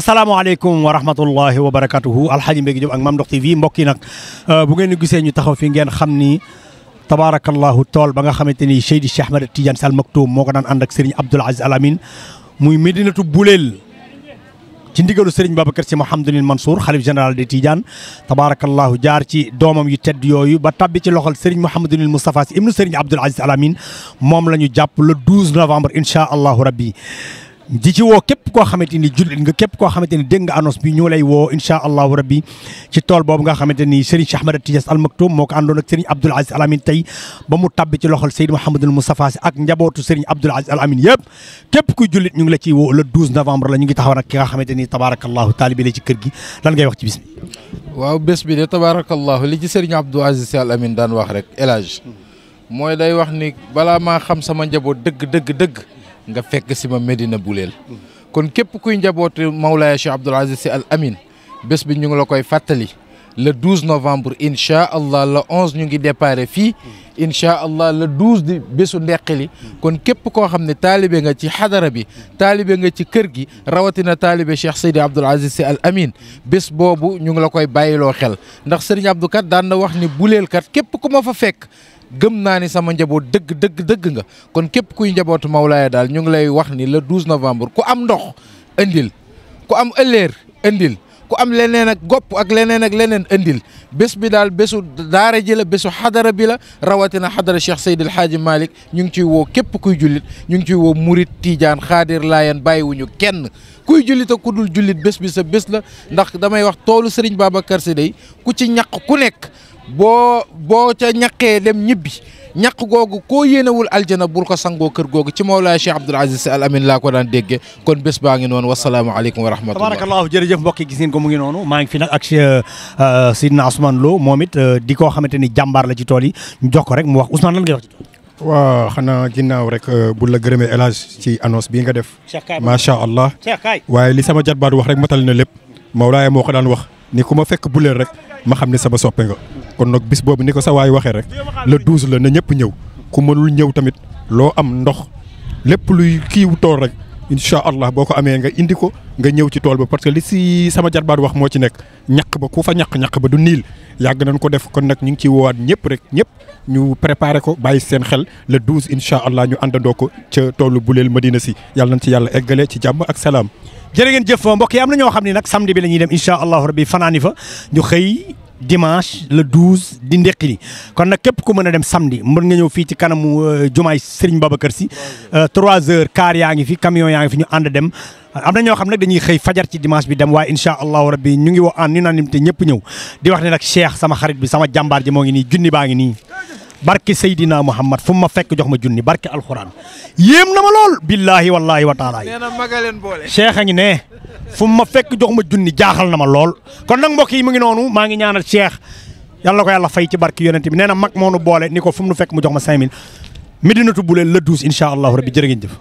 asalaamaaleykum wa rahmatullahi wa barakatuhu alxaji Mbégi Diop ak Mame Ndokh TV mbokk yi nag euh, bu ngeen gisee ñu taxaw fi ngeen xam ni tabaarakallahu tool ba nga xamante ni Seydi Cheikh Ahmed Tidiane Sall Maktoum moo ko daan ànd ak Serigne Abdoul Aziz Al Amin muy Medinatu Boulel ci ndigalu Serigne Babacar Sy Mouhamadulil Mansour xalif général de Tidiane tabaarakallahu jaar ci doomam yu tedd yooyu ba tabbi ci loxol Serigne Mouhamadulil Moustapha Sy ibnu Serigne Abdoul Aziz Al Amin moom la ñu jàpp le 12 novembre incha allahu rabbi di woo képp koo xamante ni jullit nga képp koo xamante ni dégg nga annonce bi ñu lay woo incha allahu rabbi ci tool boobu nga xamante ni Serigne Cheikh Ahmed Tidiane Al Maktoum moo ko àndoon ak Serigne Aziz Al Amine tey ba mu tabbi ci loxol Seydou Mouhamadul Moustapha Sy ak njabootu Serigne Abdoul Aziz Al Amine yëpp képp kuy jullit ñu la ciy woo le 12 novembre la ñu ngi taxaw nag nga xamante ni tabaarakallahu taalibi ci kër gi lan ngay wax ci bis bi waaw bés bi de tabaarakallahu li ci Serigne Abdoul Aziz Sy Al Amine daan wax rek élage hmm. maa xam sama njaboot dëgg dëgg dëgg nga fekk si ma Medina Boulel kon képp kuy njabootu Mawlaaya Cheikh Abdoul Aziz Sy Al Amine bés bi ñu ngi la koy fàttali le 12 novembre incha allah le 11 ñu ngi déparé fii incha allah le 12 di bésu ndeqali kon képp koo xam ne taalibe nga ci xadara bi taalibe nga ci kër gi rawatina taalibe Cheikh Seydi Abdoul Aziz Sy Al Amine bés boobu ñu ngi la koy bàyyiloo xel ndax Serigne Abdou daan na wax ni buleel képp ku ma fa fekk. gëm naa ni sama njaboot dëgg dëgg dëgg nga kon képp kuy njabootu Mawlaaya daal ñu ngi lay wax ni le 12 novembre ku am ndox indil ku am ëllëer indil ku am leneen ak gopp ak leneen ak leneen indil bés bi daal bésu daara ji la bésu xadara bi la rawatina xadara Cheikh Seydil Hadji Malick ñu ngi ciy woo képp kuy jullit ñu ngi ciy woo murit tiijaan xaadir laayan bàyyiwuñu kenn kuy jullita ku dul jullit bés bi sa bés la ndax damay wax toolu Serigne Babacar Sy dey ku ci ñaq ku nekk boo boo ca ñaqee dem ñibbi ñaq googu koo yéenewul aljana bul ko sangoo kër googu ci Mawlaay Cheikh Abdoul Aziz Al Amin laa ko daan déggee kon bés baa ngi noonu wasalaamaaleykum wa rahmatullah tabarakallah jërëjëf mbokk yi gis ngeen ko mu ngi noonu maa ngi fi nag ak euh, euh, Sidna Ousmane loo moom it euh, di koo xamante ni jàmbaar la ci tool yi jox ko rek mu wax Ousmane lan ngay wax ci tool xanaa ginnaaw rek bu la gërëmee El ci annonce bii nga def macha allah waaye li sama jatbaat wax rek matal na lépp Mawlaay moo ko daan wax ni ku ma fekk bu leen rek ma xam ne sama soppe nga kon nag bis boobu ni ko sa waay waxee rek le douze la na ñëpp ñëw ku mënul ñëw tamit loo am ndox lépp luy kiiw tool rek incha allah boo ko amee nga indi ko nga ñëw ci tool ba parce que li si sama jarbaat wax moo ci nekk ñàq ba ku fa ñàq ñàq ba du niil yàgg nañ ko def kon nag ñu ngi ciy woowaat ñëpp rek ñëpp ñu préparé ko bàyyi seen xel le 12 incha allah ñu àndandoo ko ca toolu Bulel Madina si yàlla nañ ci yàlla eggalee ci jàmm ak salaam. jërë ngeen jëf mbokk yi am na ñoo xam ne nag samedi bi la ñuy dem incha allah rabbi fanaani fa ñu xëy dimanche le 12 di ndekki li kon nag képp ku mën a dem samedi mën nga ñëw fii ci kanamu euh, jumaay Serigne Babacar Sy 3 euh, heures car yaa ngi fi camion yaa ngi fi ñu ànd dem am na ñoo xam nag dañuy xëy fajar ci dimanche bi dem waaye incha allahu rabbi ñu ngi woo en unanimité ñëpp ñëw di wax ne nag Cheikh sama xarit bi sama jàmbaar ji moo ngi nii junni baa ngi nii barke Seydina Muhammad fu ma fekk jox ma junni barke alxuraan yéem na ma lool. billahi wallahi wa taala. nee na maga leen boole. ne. fu ma fekk jox ma junni jaaxal na ma lool kon nag mbokk yi mu ngi noonu maa ngi ñaanal Cheikh yàlla ko yàlla fay ci barki yonent bi nee na mag moo boole ni ko fu mu nu fekk mu jox ma 5000 Médinatoul Bouleye le 12 incha allahu rabbi jërë ngeen jëf.